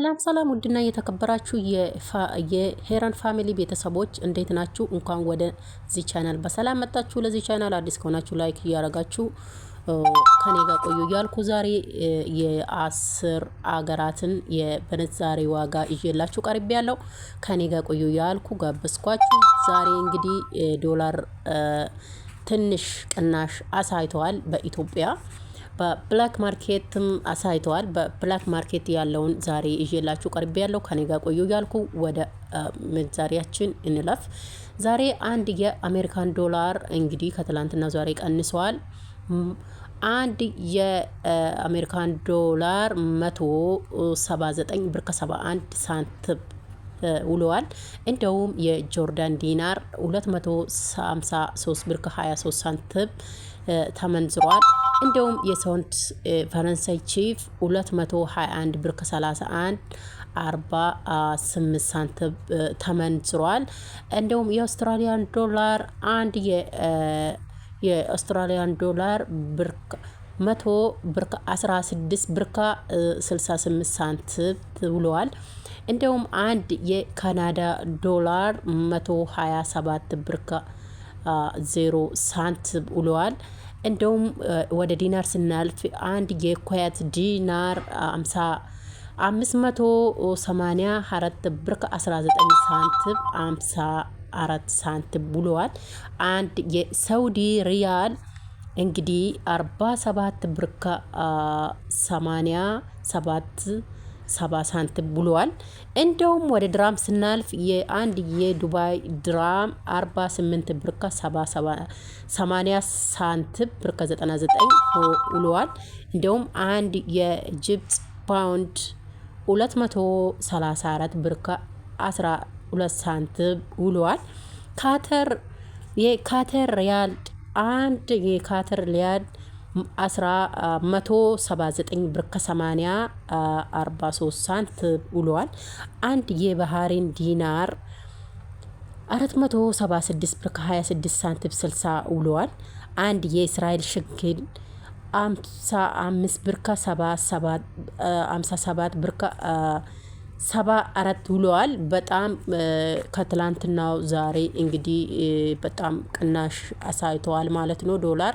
ሰላም ሰላም ውድና የተከበራችሁ የሄራን ፋሚሊ ቤተሰቦች እንዴት ናችሁ? እንኳን ወደዚህ ቻናል በሰላም መጣችሁ። ለዚህ ቻናል አዲስ ከሆናችሁ ላይክ እያረጋችሁ ከኔ ጋር ቆዩ እያልኩ ዛሬ የአስር አገራትን የምንዛሬ ዋጋ ይዤላችሁ ቀርቤ ያለው ከኔ ጋር ቆዩ እያልኩ ጋበዝኳችሁ። ዛሬ እንግዲህ ዶላር ትንሽ ቅናሽ አሳይተዋል በኢትዮጵያ በብላክ ማርኬትም አሳይተዋል። በብላክ ማርኬት ያለውን ዛሬ እየላችሁ ቀርቤ ያለው ከኔ ጋር ቆዩ እያልኩ ወደ ምንዛሪያችን እንለፍ። ዛሬ አንድ የአሜሪካን ዶላር እንግዲህ ከትላንትና ዛሬ ቀንሰዋል። አንድ የአሜሪካን ዶላር 179 ብር ከ71 ሳንቲም ውለዋል። እንደውም የጆርዳን ዲናር 253 ብር ከ23 ሳንቲም ተመንዝሯል። እንደውም የሰንት ፈረንሳይ ቺፍ 221 ብር ከ31 48 ሳንቲም ተመንዝሯል። እንደውም የአውስትራሊያን ዶላር አንድ የአውስትራሊያን ዶላር ብር መቶ ብር 16 ብር 68 ሳንቲም ውሏል። እንደውም አንድ የካናዳ ዶላር 127 ብር 0 ሳንቲም ውሏል። እንደውም ወደ ዲናር ስናልፍ አንድ የኩዌት ዲናር 50 584 ብር ከ19 ሳንቲም 54 ሳንቲም ብሏል። አንድ የሳውዲ ሪያል እንግዲህ 47 ብር ከ87 ሰባ ሳንቲም ብለዋል። እንደውም ወደ ድራም ስናልፍ የአንድ የዱባይ ድራም 48 ብር ከ80 ሳንቲም ብር ከ99 ውለዋል። እንደውም አንድ የጅብት ፓውንድ 234 ብር ከ12 ሳንቲም ውለዋል። ካተር የካተር ሪያል አንድ የካተር ሪያል 179 ብር ከ 43 ሳንት ውሏል። አንድ የባህሬን ዲናር 476 ብር ከ26 ሳንት 60 ውሏል። አንድ የእስራኤል ሽክል 55 ብር ከ57 ብር ሰባ አራት ውለዋል። በጣም ከትላንትናው ዛሬ እንግዲህ በጣም ቅናሽ አሳይተዋል ማለት ነው ዶላር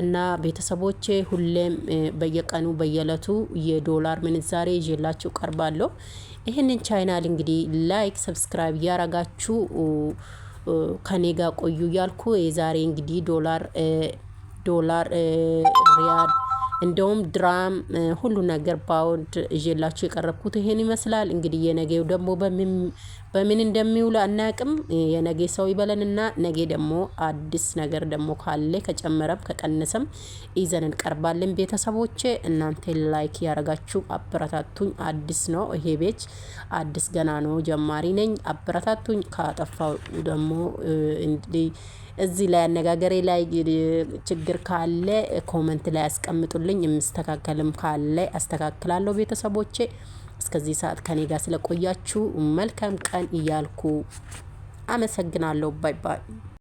እና ቤተሰቦቼ ሁሌም በየቀኑ በየለቱ የዶላር ምንዛሬ ይዤላችሁ ቀርባለሁ። ይህንን ቻይናል እንግዲህ ላይክ ሰብስክራይብ እያረጋችሁ ከእኔ ጋር ቆዩ እያልኩ የዛሬ እንግዲህ ዶላር ዶላር ሪያድ እንደውም ድራም ሁሉ ነገር ባውድ ይዤላችሁ የቀረብኩት ይሄን ይመስላል። እንግዲህ የነገው ደግሞ በምን እንደሚውል አናቅም። የነገ ሰው ይበለን እና ነገ ደግሞ አዲስ ነገር ደግሞ ካለ ከጨመረም ከቀነሰም ይዘን እንቀርባለን። ቤተሰቦቼ እናንተ ላይክ ያረጋችሁ አበረታቱኝ። አዲስ ነው ይሄ ቤች አዲስ ገና ነው ጀማሪ ነኝ። አበረታቱኝ። ካጠፋው ደግሞ እንዲህ እዚህ ላይ አነጋገሬ ላይ ችግር ካለ ኮመንት ላይ አስቀምጡልኝ። የምስተካከልም ካለ አስተካክላለሁ። ቤተሰቦቼ እስከዚህ ሰዓት ከኔ ጋር ስለቆያችሁ መልካም ቀን እያልኩ አመሰግናለሁ። ባይ ባይ።